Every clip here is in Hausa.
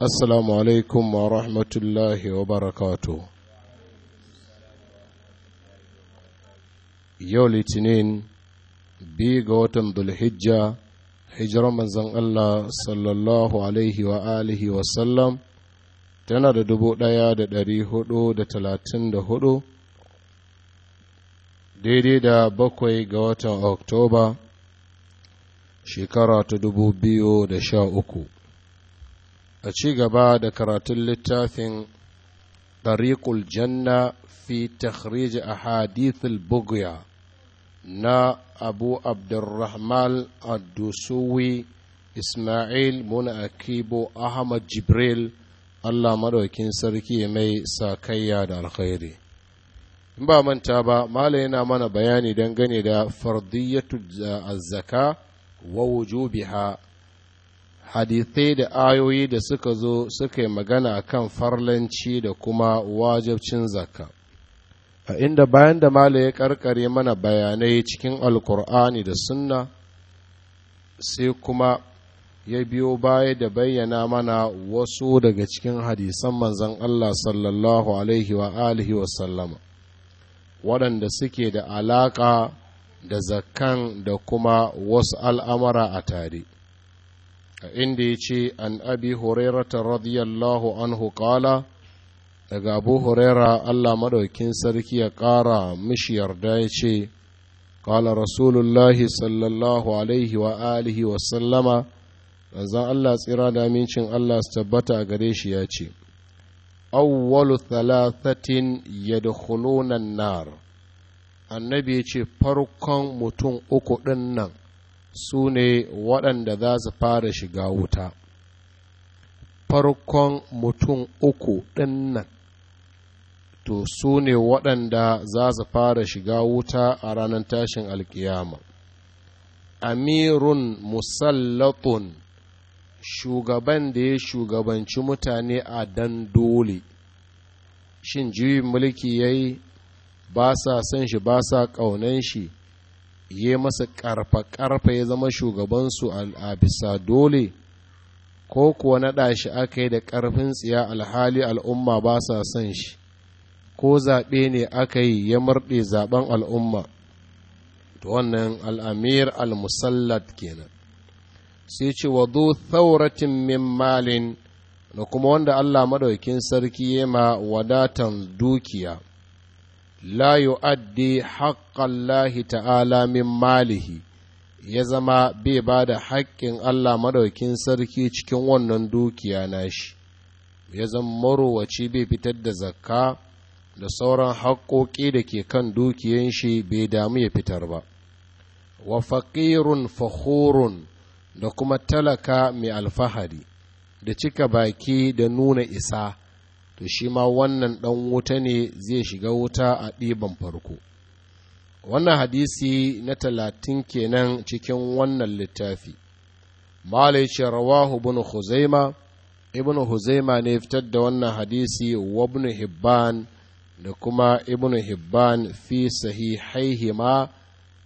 assalamu alaikum wa rahmatullahi wa barakatu yau litinin biyu ga watan dulhijja hijirar manzan Allah sallallahu alaihi wa alihi tana da dubu ɗaya da ɗari hudu da talatin da hudu daidai da bakwai ga watan oktoba shekara ta dubu biyu da sha uku a ci gaba da karatun littafin ɗariƙul janna fi takhrij a hadithul bugya na abu abdurrahman adusuwi ismail muna akibo ahmad jibril allah maɗaukin sarki mai sakayya da alkhairi in ba manta ba mala yana mana bayani dangane da fardiyyatu eh, zaka wa wujubiha hadithai da ayoyi da suka zo suka yi magana kan farlanci da kuma wajabcin zakka a inda bayan da mala ya karkare mana bayanai cikin alkur'ani da sunna sai kuma ya biyo baya da bayyana mana wasu daga cikin hadisan manzan Allah sallallahu alaihi wa alihi wa sallama waɗanda suke da alaƙa da zakkan da kuma wasu al'amara a tare a inda ya ce an abi hurairata radiyallahu anhu kala daga abu huraira allah maɗaukin sarki ya ƙara mishi yarda ya ce kala rasulullahi sallallahu alaihi wa alihi wa sallama manzan allah tsira da amincin allah su tabbata a gare shi ya ce awwalu thalathatin yadkhuluna nar annabi ya ce farkon mutum uku ɗin nan su ne waɗanda za su fara shiga wuta farkon mutum uku ɗin to su ne waɗanda za su fara shiga wuta a ranar tashin alkiyama amirun musallatun shugaban da ya shugabanci mutane a dan dole shin juyin mulki ya yi ba sa son shi ba sa ƙaunan shi ya masa ƙarfa-ƙarfa ya zama shugabansu a bisa dole ko kuwa naɗa shi aka yi da ƙarfin tsiya alhali al'umma ba sa son shi ko zaɓe ne aka yi ya murɗe zaɓen al'umma to wannan al'amir al-musallat kenan sai ce wa zo tsauratin min malin da kuma wanda Allah maɗaukin sarki ya ma wadatan dukiya la yu'addi haƙƙallahi ta'ala min malihi ya zama bai ba da haƙƙin Allah maɗaukin sarki cikin wannan dukiya nashi ya zama marowaci bai fitar da zakka da sauran haƙƙoƙi da ke kan dukiyan shi bai damu ya fitar ba wa faƙirun fahurun da kuma talaka mai alfahari da cika baki da nuna isa to shi ma wannan ɗan wuta ne zai shiga wuta a ɗiban farko wannan hadisi na talatin kenan cikin wannan littafi malice rawahu ibn huzaima ibn huzaima ne fitar da wannan hadisi wa ibn hibban da kuma ibn hibban fi sahihaihima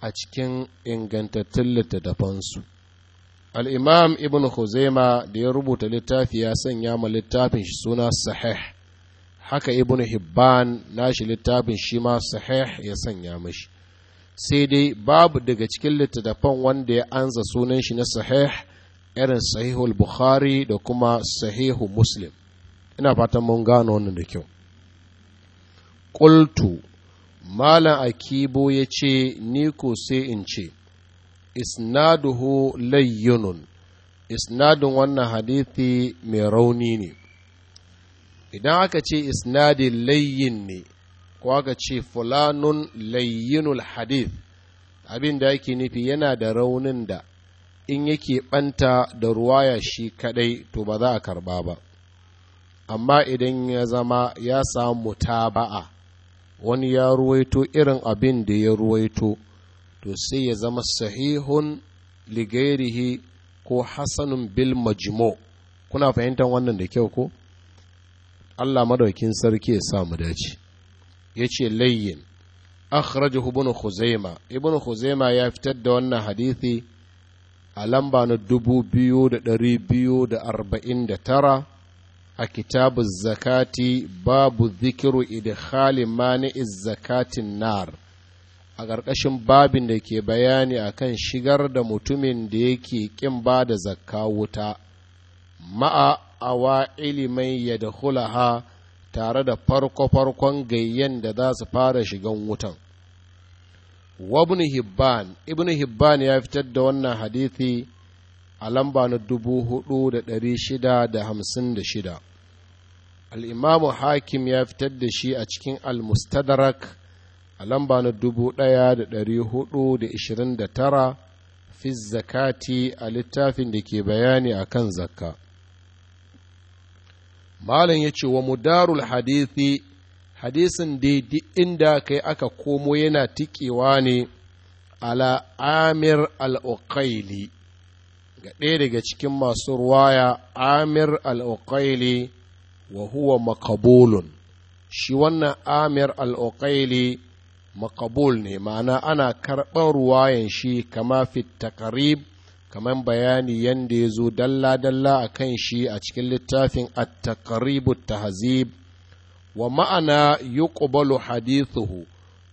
a cikin ingantattun littattafansu al'imam ibn huzaima da ya rubuta littafi ya sanya ma littafin shi suna sahih haka ibn hibban nashi littafin shi ma sahih ya sanya mashi sai dai babu daga cikin littattafan wanda ya anza sunan shi na sahih irin sahihul bukhari da kuma sahihu muslim ina fatan mun gano wannan da kyau qultu malam akibo ya ce ni ko sai in ce isnaduhu layyunun isnadun wannan hadithi mai rauni ne idan aka ce isnadi layyin ne ko aka ce fulanun layyinul hadith abin da yake nufi yana da raunin da in yake ɓanta da ruwaya shi kadai to ba za a karba ba amma idan ya zama ya samu taba'a wani ya ruwaito irin abin da ya ruwaito to sai ya zama sahihun ligairihi ko hasanun bil majmu kuna fahimtar wannan da kyau ko Allah madaukin sarki ya sa mu dace yace layyin akhrajahu ibn khuzaima ibn khuzaima ya fitar da wannan hadisi a lamba na dubu biyu biyu da arba'in da tara a kitabu zakati babu zikiru idkhali mani zakatin nar a ƙarƙashin babin da ke bayani akan shigar da mutumin da yake ƙin ba da zakka wuta ma'a awa'ili mai yadkhulaha tare da farko-farkon gayyan da za su fara shigan wutan wabin hibban ibn hibban ya fitar da wannan hadithi a lamba na dubu hudu da dari shida da hamsin da shida al'imamu hakim ya fitar da shi a cikin al-mustadrak a lamba na dubu ɗaya da dari hudu da ishirin da tara fi zakati a littafin da ke bayani a kan zakka malam ya ce wa mudarul hadisi, hadisin da inda kai aka komo yana tikewa ne ala amir alokaili ga ɗaya daga cikin masu ruwaya amir al'ukaili wa huwa makabulun shi wannan amir alokaili makabul ne ma'ana ana karɓar ruwayan shi kama fit takarib kamar bayani yadda ya zo dalla-dalla a kan shi a cikin littafin at-taqribu tahzib wa ma'ana yuqbalu hadithuhu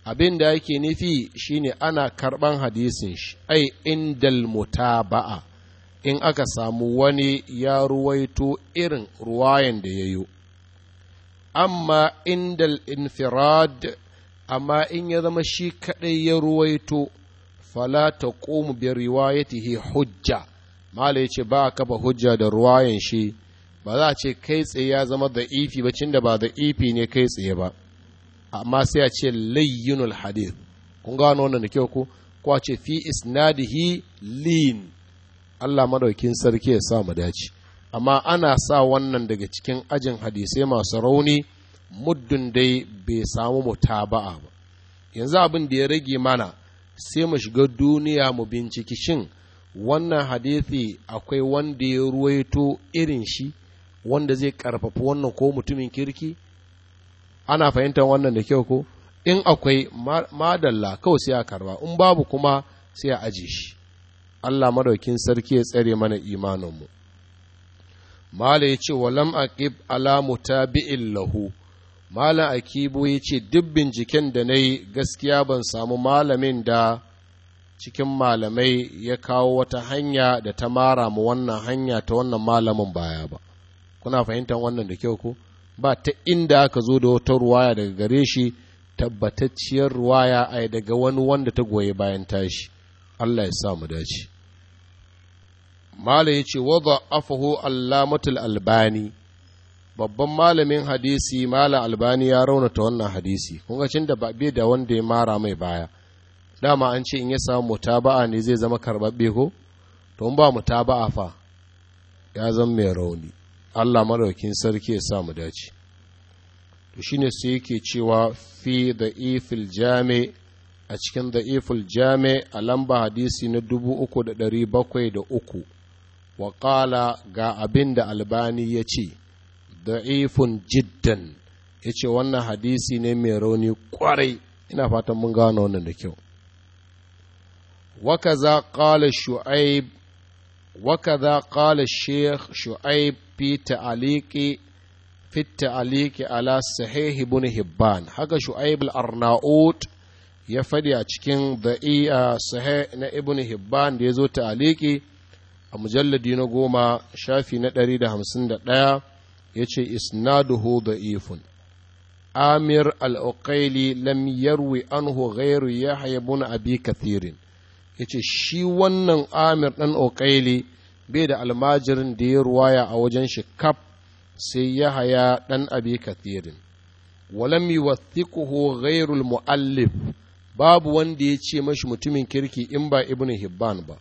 abin da yake nufi shine ana karɓan hadisin shi ai indal mutaba'a in aka samu wani ya ruwaito irin ruwayan da ya yi amma indal infirad amma in ya zama shi kaɗai ya ruwaito fala ta ƙomu bi riwayatihi hujja mala yace ba ka ba hujja da ruwayan shi ba za a ce kai tsaye ya zama da ifi ba cin da ba da ifi ne kai tsaye ba amma sai a ce layyinul hadith kun gano wannan da kyau ko ko a ce fi isnadihi lin Allah madaukin sarki ya sa mu dace amma ana sa wannan daga cikin ajin hadisai masu rauni muddin dai bai samu mutaba'a ba yanzu abin da ya rage mana sai mu shiga duniya mu binciki shin wannan hadithi akwai wanda ya ruwaito irin shi wanda zai karfafi wannan ko mutumin kirki ana fahimtar wannan da kyau ko in akwai madalla kawai sai a karba in babu kuma sai a aji shi Allah madaukin sarki ya tsare mana imanin mu mala ya ce walam aqib ala mutabi'in lahu malam akibu ya ce duk binciken da na yi gaskiya ban samu malamin da cikin malamai ya kawo wata hanya da ta mara mu wannan hanya ta wannan malamin baya ba kuna fahimtar wannan da kyau ko ba ta inda aka zo da wata ruwaya daga gare shi tabbatacciyar ruwaya a daga wani wanda ta goyi bayan tashi Allah ya sa mu dace Malam ya ce wadda afahu mutul albani babban malamin hadisi mala albani ya raunata wannan hadisi kunga cin da ba da wanda ya mara mai baya dama an ce in ya samu mutaba'a ne zai zama karbabbe ko to in ba mutaba'a fa ya zama mai rauni Allah madaukin sarki ya sa mu dace to shine su yake cewa fi da ifil jami a cikin da ifil jami a lamba hadisi na dubu uku da dari bakwai da uku wa ƙala ga abin da albani ya ce da'ifun jiddan ya ce wannan hadisi ne mai rauni kwarai ina fatan mun gano wannan da kyau wakaza kala shu'aib wakaza kala sheikh shu'aib fi fi ala sahih ibn hibban haka shu'aib al-arnaut ya fadi a cikin da'i'a sahih na ibn hibban da yazo ta'liqi a mujalladi na goma shafi na 151 ya ce isnaduhu da'ifun amir al'uƙaili lam yarwi anhu ghairu ya hayabun abi kathirin ya ce shi wannan amir ɗan uƙaili bai da almajirin da ya ruwaya a wajen shi kaf sai yahaya haya ɗan abi kathirin walam yuwathiquhu ghairu muallif babu wanda ya ce mashi mutumin kirki in ba ibnu hibban ba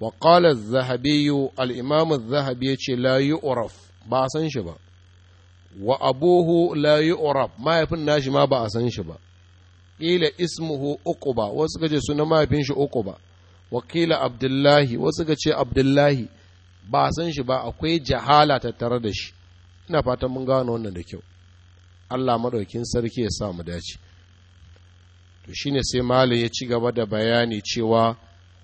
wa qala az-zahabi al-imam az-zahabi ya ce la ba a san shi ba wa abuhu la yu'rab mahaifin nashi ma ba a san shi ba qila ismuhu uquba wasu ce sunan mahaifin shi uquba wa qila abdullahi wasu ce abdullahi ba a san shi ba akwai jahala tattare da shi ina fatan mun gano wannan da kyau Allah madaukin sarki ya sa mu dace to shine sai malam ya ci gaba da bayani cewa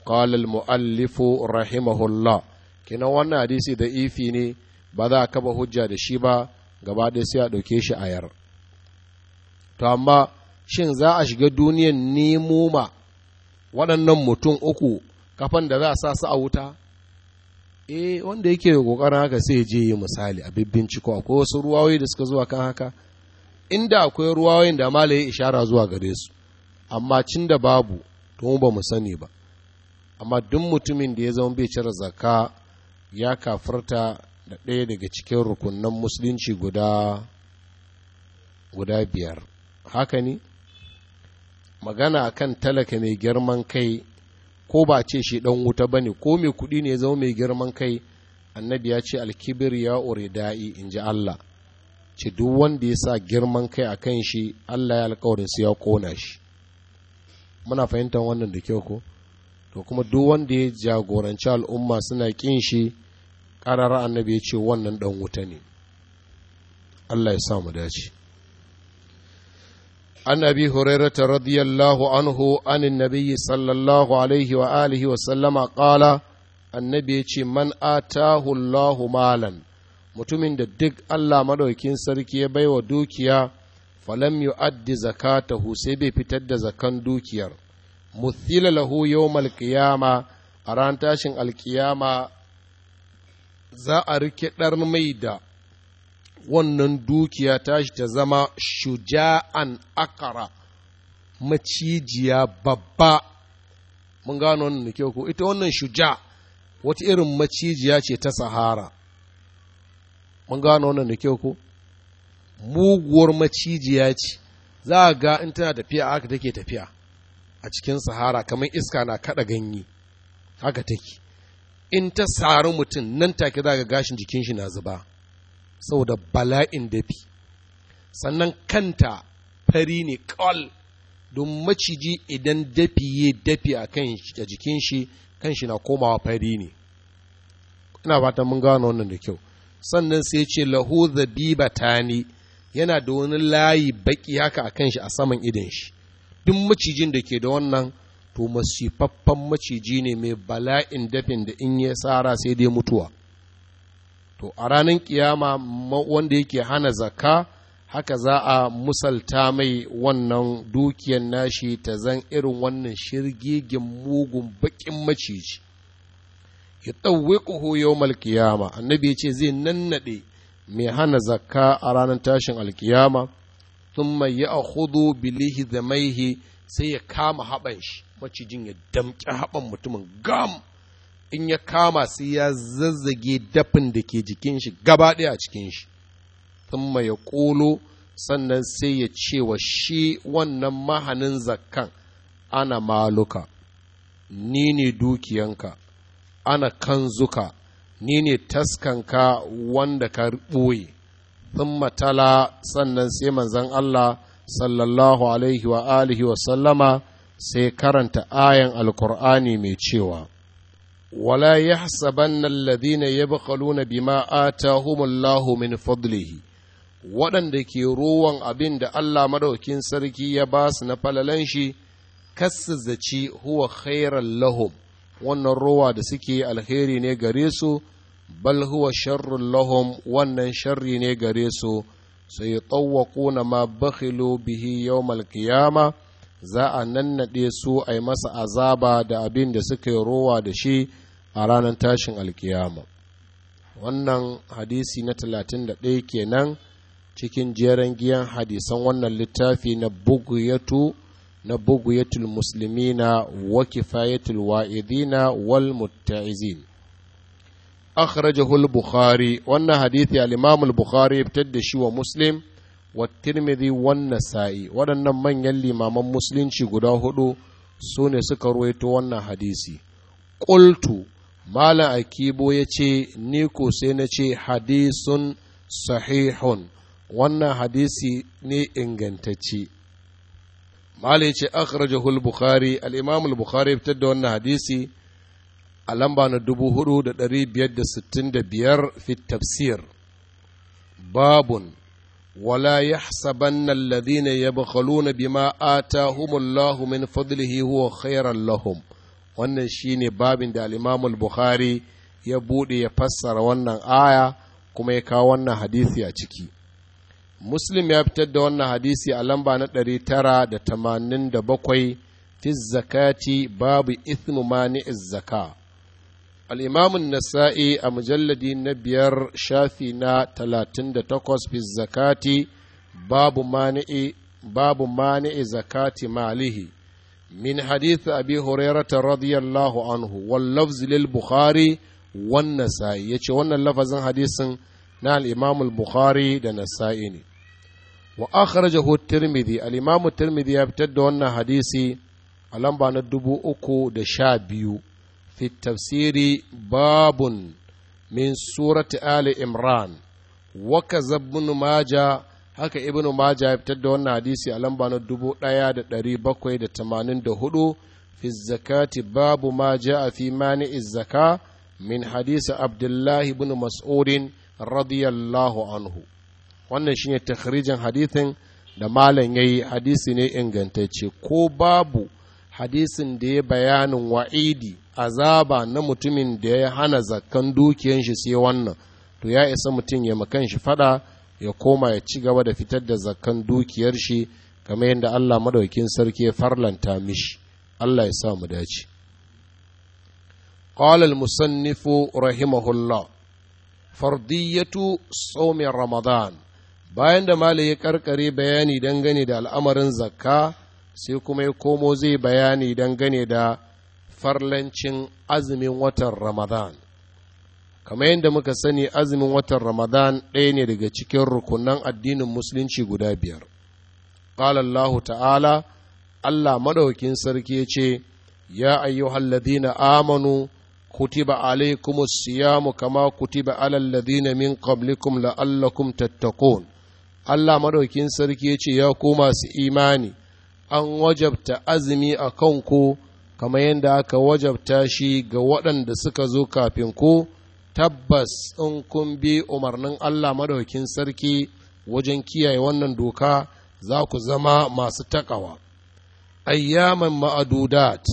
qala al muallifu rahimahullah kina wannan hadisi da ifi ne ba za a kaba hujja da shi ba gaba ɗaya sai a ɗauke shi a yar to amma shin za a shiga duniyan nemo ma waɗannan mutum uku kafan da za a sa su a wuta eh wanda yake da haka sai ya je yi misali a ciko akwai wasu ruwayoyi da suka zuwa kan haka inda akwai ruwayoyin da mala ya ishara zuwa gare su amma cin da babu to ba mu sani ba amma duk mutumin da ya zama bai cire zakka ya kafirta da ɗaya daga cikin rukunan musulunci guda guda biyar haka ne magana akan talaka mai girman kai ko ba ce shi ɗan wuta ba ne ko mai kuɗi ne zama mai girman kai annabi ya ce alkibir ya ure da'i in ji Allah ce duk wanda ya sa girman kai a kan shi Allah ya alkawarin su ya kona shi muna fahimtar wannan da kyau ko to kuma duk wanda ya jagoranci al'umma suna kin shi ƙarara annabi ya ce wannan ɗan wuta ne Allah ya sa mu dace an hurairata radiyallahu anhu anin nabiyyi sallallahu alaihi wa alihi wa sallama qala annabi ya ce man atahu Allahu malan mutumin da duk Allah maɗaukin sarki ya baiwa dukiya falam yu'addi zakatahu sai bai fitar da zakan dukiyar muthila lahu yawmal qiyama a ran tashin alkiyama za a ɗar mai da wannan dukiya tashi ta zama shuja'an akara macijiya babba mun gano wannan da kyau ko ita wannan shuja wata irin macijiya ce ta sahara mun gano wannan da kyau ko muguwar macijiya ce za a ga in tana tafiya haka take tafiya a cikin sahara kamar iska na kaɗa ganye haka take in ta sari mutum nan take za ga gashin jikin shi na zuba saboda bala'in dafi sannan kanta fari ne kawal don maciji idan dafi ya dafi a kan jikin shi kan shi na komawa fari ne ina fatan mun gano wannan da kyau sannan sai ce lahu zabiba tani yana da wani layi baki haka a kan shi a saman idon shi duk macijin da ke da wannan to masifaffan maciji ne mai bala'in dafin da in ya tsara sai dai mutuwa to a ranar kiyama wanda yake hana zakka haka za a musalta mai wannan dukiyan nashi ta zan irin wannan shirgigin mugun bakin maciji ya ɗauwe ƙuhu yau malkiyama annabi ya ce zai nannaɗe mai hana zakka a ranar tashin alkiyama sun mai ya a hudu bilihi da maihi sai ya kama haɓan shi macijin ya damƙi haɓan mutumin gam in ya kama sai ya zazzage dafin da ke jikin shi gaba ɗaya a cikin shi thumma ya ƙolo sannan sai ya ce wa shi wannan mahanin zakkan ana maluka ni ne dukiyanka ana kanzuka ni ne taskanka wanda ka ɓoye sun tala sannan sai manzon Allah sallallahu alaihi wa alihi wa sallama sai karanta ayan alkur'ani mai cewa wala yahsabanna alladhina yabkhaluna bima atahumullahu min fadlihi waɗanda ke rowan abin da Allah madaukin sarki ya ba su na falalan shi zaci huwa khairan lahum wannan rowa da suke alheri ne gare su bal huwa sharrun lahum wannan sharri ne gare su sai tsawwakuna ma bakhilu bihi yawmal za a nannaɗe su a yi masa azaba da abin da suka yi rowa da shi a ranar tashin alkiyama wannan hadisi na 31 kenan cikin jeren giyan hadisan wannan littafi na bugyatu na bugyatul muslimina wa kifayatul wa'idina wal mutta'izin akhrajahu al-bukhari wannan hadisi al-imam al-bukhari fitar da shi wa muslim wa tirmidhi wan nasa'i waɗannan manyan limaman musulunci guda hudu sune suka ruwaito wannan hadisi qultu malam akibo ya ce ni ko sai na ce hadisun sahihun wannan hadisi ne ingantacce malam ya ce akhrajahu al-bukhari al bukhari fitar da wannan hadisi a lamba na 4565 fi tafsir babun ولا يحسبن na bima a ta الله min fadlihi huwa khairan lahum wannan shine babin da al'imamul bukhari ya bude ya fassara wannan aya kuma ya kawo wannan hadisi a ciki muslim ya fitar da wannan hadisi a lamba na 987 fi zakati babu ithnu mani zaka al'imamin nasa'i a mujalladi na biyar shafi na talatin da takwas fi zakati babu mani'i babu mani'i zakati malihi min hadith abi hurairata radiyallahu anhu wallafz lil bukhari wan nasa'i yace wannan lafazin hadisin na al-imam bukhari da nasa'i ne wa akhrajahu at-tirmidhi al-imam ya fitar da wannan hadisi a lamba na dubu uku da sha biyu في التفسير باب من سورة آل إمران وكذا ابن ماجه haka Ibnu maja ya fitar da wannan hadisi a lamba na 1784 fi zakati babu ma a fi mani zaka min hadisi abdullahi ibn mas'udin radiyallahu anhu wannan shine takhrijin hadithin da malam yayi hadisi ne ingantace ko babu hadisin da ya bayanin wa'idi azaba na mutumin da ya hana zakkan dukiyan shi sai wannan to ya isa mutum ya makan shi fada ya koma ya ci gaba da fitar da zakkan dukiyar shi kamar yadda Allah madaukin sarki ya farlanta mishi Allah ya sa mu dace قال المصنف رحمه الله فردية صوم رمضان bayan da malai ya karkare bayani dangane da al'amarin zakka sai kuma ya komo zai bayani dangane da farlancin azumin watan Ramadan. Kamar yadda muka sani azumin watan Ramadan ɗaya ne daga cikin rukunan addinin Musulunci guda biyar. Allah ta'ala, Allah maɗaukin sarki ya ce, Ya Halladina amanu, kutiba alaikumus siyamu kama kutiba alalladhina min qablikum la'allakum tattakun. Allah maɗaukin sarki ya ce, Ya ku masu imani, an wajabta azumi a kanku Kama yadda aka wajabta shi ga waɗanda suka zo kafin ku tabbas in kun bi umarnin Allah maɗaukin sarki wajen kiyaye wannan doka za ku zama masu takawa ayyaman ma'adudat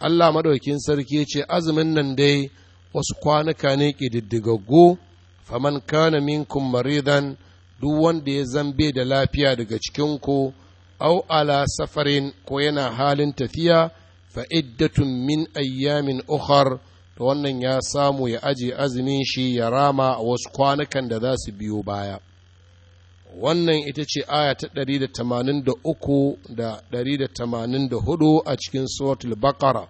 Allah maɗaukin sarki ce azumin nan dai wasu kwanuka ne kididdigaggo faman kana minkum maridan duk wanda ya zambe da lafiya daga cikinku au ala safarin ko yana halin tafiya fa'iddatun min ayyamin ukhar da wannan ya samu ya aje azumin shi ya rama a wasu kwanukan da za su biyo baya wannan ita ce aya ta 183 da 184 a cikin suratul baqara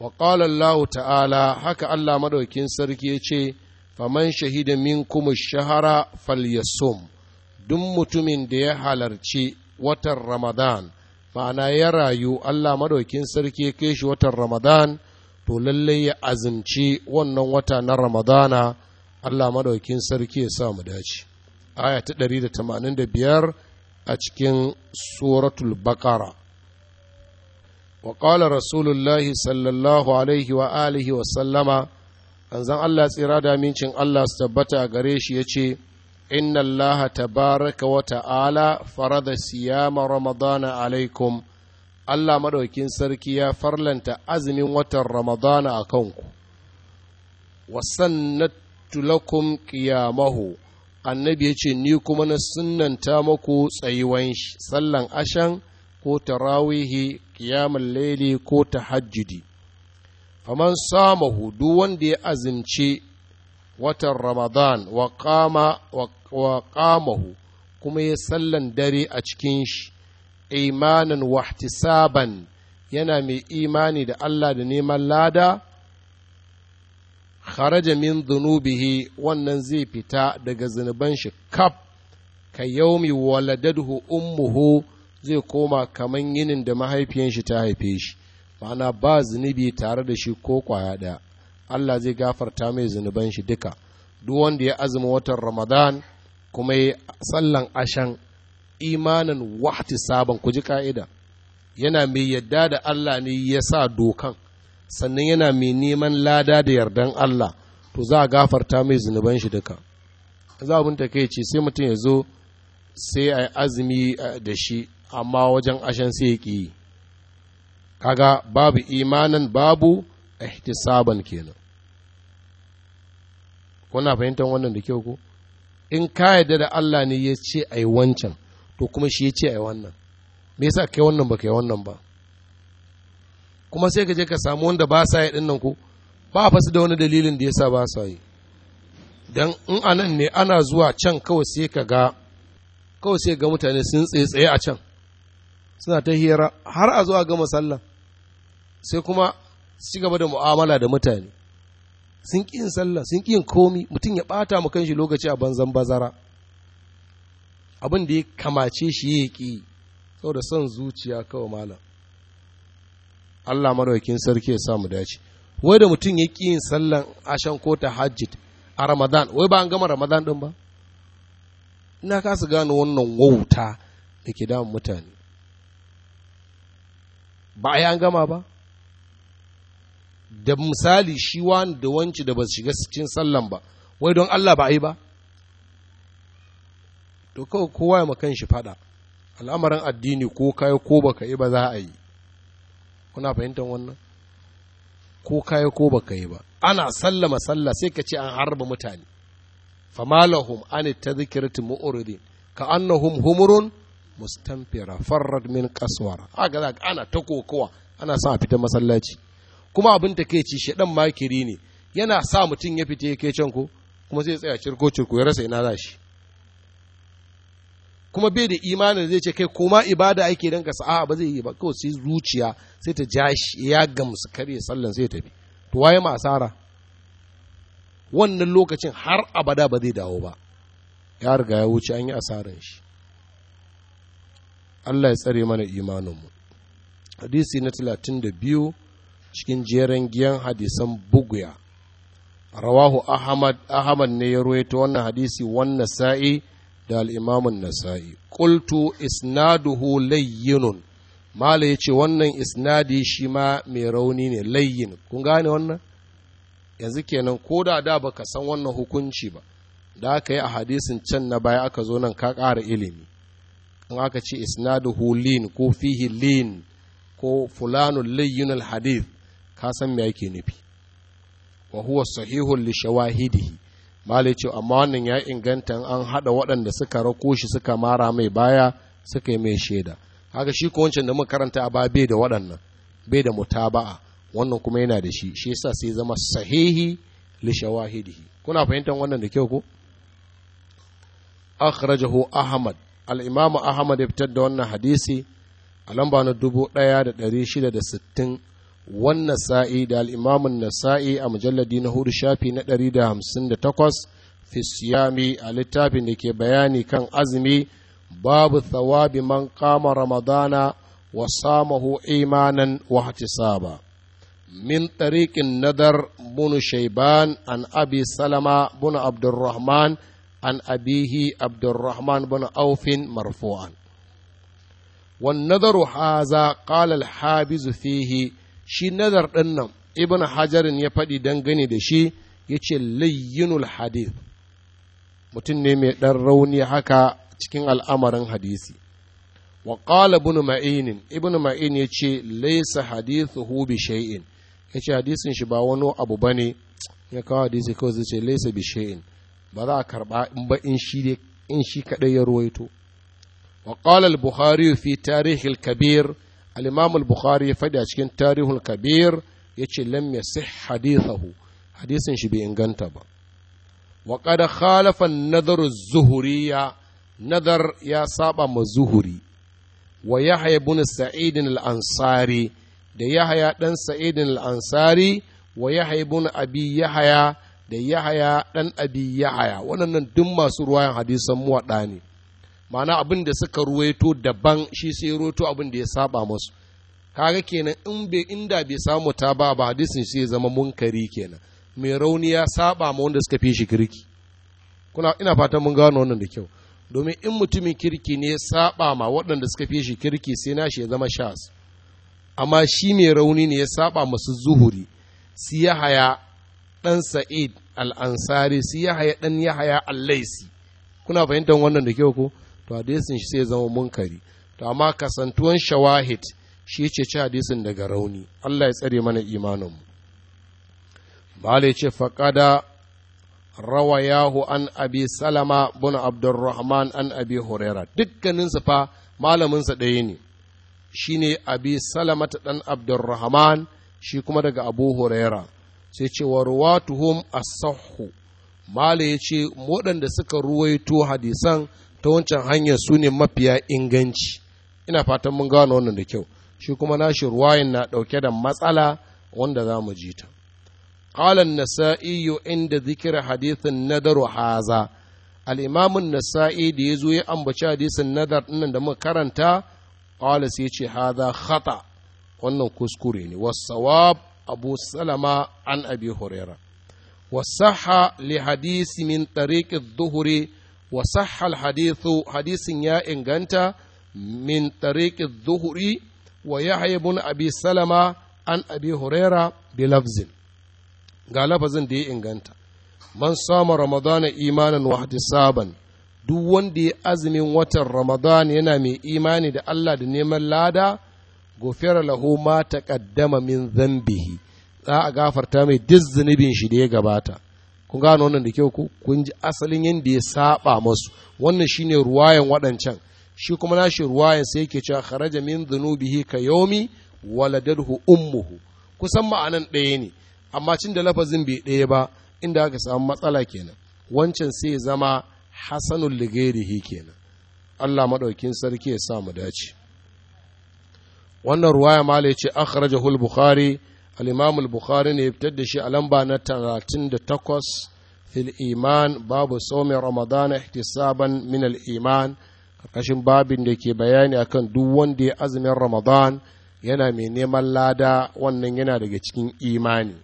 wa qala Allah ta'ala haka Allah madaukin sarki ya ce faman shahida minkum ash-shahara falyasum duk mutumin da ya halarci watan Ramadan ma'ana ya rayu Allah madaukin sarki kai shi watan Ramadan to lallai ya azinci wannan wata na Ramadana Allah madaukin sarki ya sa mu dace aya ta 185 a cikin suratul baqara وقال رسول الله صلى الله wa sallama وسلم allah tsira da من Allah su tabbata gare shi ya ce. inna Allah tabaraka wa ta'ala farada siyama ramadana alaikum Allah madaukin sarki ya farlanta azumin watan ramadana a kanku wasannatu lakum ƙiyamahu, annabi yace ni kuma na sunnanta muku tsayuwan shi sallan ashan ko tarawihi qiyamul layli ko tahajjudi Kamar samahu duk wanda ya azumci watan ramadan wa kuma ya sallan dare a cikin shi imanan wahtisaban yana mai imani da Allah da neman lada kharaja min dhunubihi wannan zai fita daga zunuban shi kaf ka yaumi waladadhu ummuhu zai koma kaman yinin da mahaifiyan shi ta haife shi ma'ana ba zunubi tare da shi ko kwaya ɗaya Allah zai gafarta mai zunuban shi duka duk wanda ya azumi watan Ramadan kuma ya sallan ashan imanin wahti sabon ku ji ka'ida yana mai yadda da Allah ne ya sa dokan sannan yana mai neman lada da yardan Allah to za a gafarta mai zunuban shi duka za abin ta kai ce sai mutum ya zo sai a azumi eh, da shi amma wajen ashen sai ya ƙi kaga babu imanin babu ihtisaban kenan kuna fahimtar wannan da kyau ko in ka yarda da Allah ne ya ce ai wancan to kuma shi ya ce ai wannan me yasa kai wannan ba kai wannan ba kuma sai ka je ka samu wanda ba sa yi din nan ko ba fa su da wani dalilin da yasa ba sa yi dan in anan ne ana zuwa can kawai sai ka ga kawai sai ga mutane sun tsaye a can suna ta hira har a zuwa gama sallah sai kuma su ci gaba da mu'amala da mutane sun ƙi yin sallah sun ƙi yin komi mutum ya ɓata mu kanshi lokaci a banzan bazara abin da ya kamace shi ya ƙi saboda son zuciya kawai malam Allah maraukin sarki ya samu dace wai da mutum ya ƙi yin sallan ashan ko ta hajjit a ramadan wai ba an gama ramadan ɗin ba ina kasa gano wannan wauta da ke damun mutane ba a yi an gama ba da misali shi wani da wanci da ba su shiga cikin sallan ba wai don Allah ba a yi ba to kawai kowa ya makan shi fada al'amarin addini ko kayi ko baka yi ba za a yi kuna fahimtar wannan ko kayi ko baka yi ba ana sallama sallah sai ka ce an harba mutane famalahum an tadhkiratu mu'ridin ka annahum humurun mustanfira farrad min qaswara haka ana ta kokowa ana sa a fitar masallaci kuma abin da ke ci shaɗan makiri ne yana sa mutum ya fita ya kai can ko kuma zai tsaya cirko cirko ya rasa ina za shi kuma bai da imanin zai ce kai koma ibada ake dan ka sa'a ba zai yi ba kawai sai zuciya sai ta ja shi ya gamsu kare sallan sai tafi to waye ma asara wannan lokacin har abada ba zai dawo ba ya riga ya wuce an yi asaran shi Allah ya tsare mana imaninmu hadisi na 32 cikin jerin giyan hadisan buguya rawahu ahmad ahmad ne ya ruwaito wannan hadisi wannan sa'i da al'imamun nasa'i qultu isnaduhu layyinun mala yace wannan isnadi shi ma mai rauni ne layyin kun gane wannan yanzu kenan ko da da baka san wannan hukunci ba da aka yi a hadisin can na baya aka zo nan ka ƙara ilimi in aka ce isnaduhu lin ko fihi lin ko fulanun layyinul hadith ka san me yake nufi wa huwa sahihul li shawahidihi mali ce amma wannan ya inganta an hada waɗanda suka rako shi suka mara mai baya suka yi mai shaida haka shi ko wancan da muka karanta a bai da waɗannan bai da mutaba'a wannan kuma yana da shi shi yasa sai zama sahihi li shawahidihi kuna fahimtar wannan da kyau ko akhrajahu ahmad al-imamu ahmad ya fitar da wannan hadisi a lamba na 1660 wannan sa’i da al’imamun na sa’i a majalladi na hudu shafi na 158 fisiyami a littafin da ke bayani kan azumi babu thawabi man ramadana wa samahu imanan wa min tariqin nazar bunu shaiban an abi salama bunu abdurrahman an abihi abdurrahman bunu aufin marfu'an wannan nadaru haza kalal habizu fihi fihi shi nazar ɗin nan ibn hajarin ya faɗi dangane da shi ya ce layyinul hadith mutum ne mai ɗan rauni haka cikin al'amarin hadisi wa ƙala bunu ma'inin ibn ma'in ya ce laisa hadithu bi shay'in ya ce hadisin shi ba wani abu ba ne. ya kawo hadisi kawai zai ce laisa bi shay'in ba za a karɓa in ba in shi kaɗai ya ruwaito wa ƙala al-bukhari fi tarihil kabir al-imam bukhari ya faɗi a cikin tarihul kabir yace lamya yasih hadithahu hadisin shi bai inganta ba wa qad khalafa an-nadhar az ya saɓa ma zuhuri wa yahya ibn sa'id al-ansari da yahya dan sa'id al-ansari wa yahya ibn abi yahya da yahya dan abi yahya waɗannan duk masu ruwayan hadisan muwaɗa ne ma'ana abin da suka ruwaito daban shi sai ya ruwaito abin da ya saba masu kaga kenan in bai inda bai samu ta ba ba hadisin shi ya zama munkari kenan mai rauni ya saba ma wanda suka fi shi kirki kuna ina fatan mun gano wannan da kyau domin in mutumin kirki ne ya saba ma waɗanda suka fi shi kirki sai nashi ya zama shas amma shi mai rauni ne ya saba masu zuhuri si ya haya ɗan sa'id al'ansari si ya haya ɗan ya haya allaisi kuna fahimtar wannan da kyau ko to hadisin shi sai zama munkari to amma kasantuwan shawahid shi ce ci hadisin daga rauni Allah ya tsare mana imaninmu bale ce faqada rawayahu an abi salama bin abdurrahman an abi huraira dukkanin su fa malamin sa ɗaya ne shine abi salama ta dan abdurrahman shi kuma daga abu huraira sai ce wa ruwatuhum as-sahhu mala yace waɗanda suka ruwaito hadisan ta wancan hanyar su ne mafiya inganci ina fatan mun gano wannan da kyau shi kuma nashi ruwayin na ɗauke da matsala wanda za mu ji ta ƙalan nasa'iyu inda zikira hadithin nadaru haza al'imamun nasa'i da ya zo ya ambaci hadisin nadar ɗinnan da muka karanta ƙala sai ce haza khata wannan kuskure ne wasawab abu salama an abi huraira wasaha li hadisi min tariqi dhuhri wa sahal hadithu hadisin ya inganta min tariqi zuhuri wa yahya bun abi salama an abi hurera bi lafzin ga lafazin da ya inganta man sama ramadana imanan wa ihtisaban duk wanda ya azumin watan ramadana yana mai imani da Allah da neman lada gofera lahu ma kaddama min zambihi za a gafarta mai duk zunubin shi da ya gabata kun gano wannan da kyau ku kun ji asalin yadda ya saba masu wannan shine ruwayan waɗancan shi kuma nashi ruwayan sai yake cewa kharaja min dhunubihi ka yawmi waladadhu ummuhu kusan ma'anan ɗaya ne amma cin da lafazin bai ɗaya ba inda aka samu matsala kenan wancan sai ya zama hasanul ligairihi kenan Allah maɗaukin sarki ya sa mu dace wannan ruwaya mala ya ce akhrajahu al-bukhari al bukhari ne fitar da shi a lamba na takwas fil iman babu saumin ramadan ihtisaban min al iman karkashin babin da ke bayani akan duk wanda ya azumin ramadan yana mai neman lada wannan yana daga cikin imani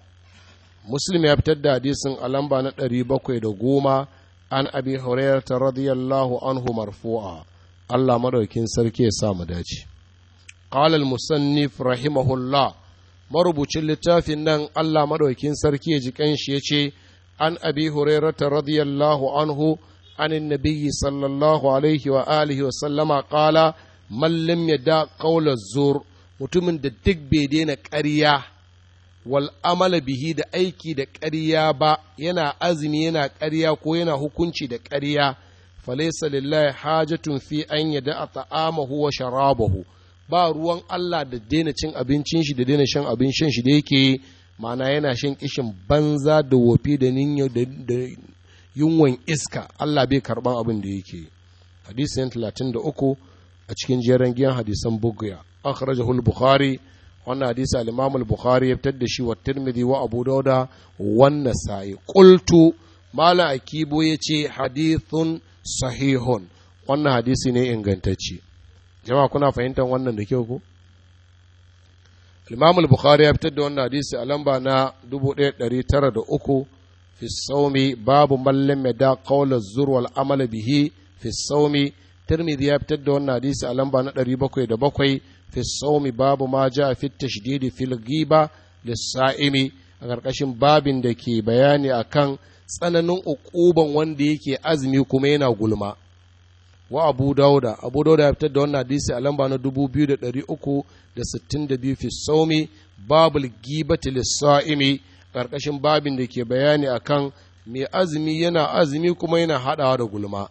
muslim ya fitar da hadisin a lamba na ɗari bakwai da goma an abi hurairata radiyallahu anhu marfu'a Allah madaukin sarki ya samu dace قال المصنف رحمه الله marubucin littafin nan Allah maɗaukin sarki ya ji kanshi ya ce an abi hurairata radiyallahu anhu عن sallallahu alaihi wa alihi wa sallama ƙala. Mallam ya da قول zur, mutumin da duk bai daina ƙarya wal amala bihi da aiki da ƙarya ba yana azumi yana ƙarya ko yana hukunci da ƙarya falaysa lillahi hajatun fi an yada ta'amahu wa sharabahu ba ruwan Allah da daina cin abincin shi da daina shan abin shan shi da yake ma'ana yana shan kishin banza da wofi da ninyo da yunwan iska Allah bai karban abin da yake hadisin 33 a cikin jeren giyan hadisan bugiya akhrajahu al-bukhari wannan hadisi al-imam al-bukhari ya fitar da shi wa tirmidhi wa abu dauda wan nasa'i qultu mala akibo yace hadithun sahihun wannan hadisi ne ingantacce jama'a kuna fahimtar wannan da kyau ko Imam bukhari ya fitar da wannan hadisi a lamba na 1903 fi sawmi babu mallam da qawla zur wal amala bihi fi sawmi Tirmidhi ya fitar da wannan hadisi a lamba na 707 fi sawmi babu ma ja fi tashdidi fil ghiba lis-sa'imi a ƙarƙashin babin da ke bayani akan tsananin uƙuban wanda yake azumi kuma yana gulma wa abu dauda abu dauda ya fitar da wannan hadisi a lamba na 2362 fi saumi babul gibati lis-sa'imi karkashin babin da ke bayani akan mai azumi yana azumi kuma yana hadawa da gulma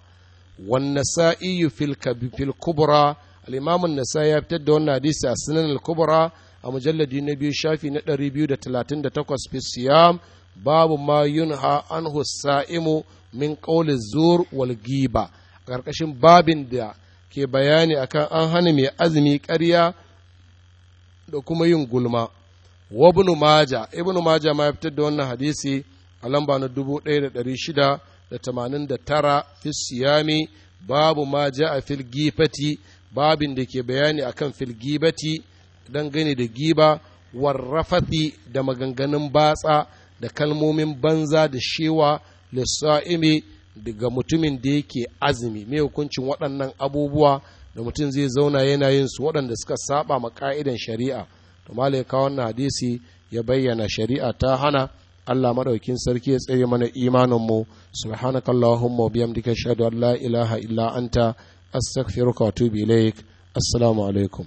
wan nasa'i fil fil kubra al-imam an-nasa'i ya fitar da wannan hadisi a sunan al-kubra a mujalladi na biyu shafi na 238 fi siyam babu ma yunha anhu sa'imu min qawli zur wal giba ƙarƙashin babin da ke bayani akan an hana mai azumi ƙarya da kuma yin gulma wa ibnu maja ibnu maja ma ya fitar da wannan hadisi a lamba na 1689 fi siyami babu maja a filgifati babin da ke bayani akan filgibati gibati don gani da giba warrafati da maganganun batsa da kalmomin banza da shewa lissa'imi daga mutumin da yake azumi mai hukuncin waɗannan abubuwa da mutum zai zauna yana yin su waɗanda suka saba ma ka'idan shari'a to malai ka wannan hadisi ya bayyana shari'a ta hana Allah maɗaukin sarki ya tsaye mana imanin mu Allahumma wa bihamdika ashhadu an la ilaha illa anta astaghfiruka wa atubu ilaik assalamu alaikum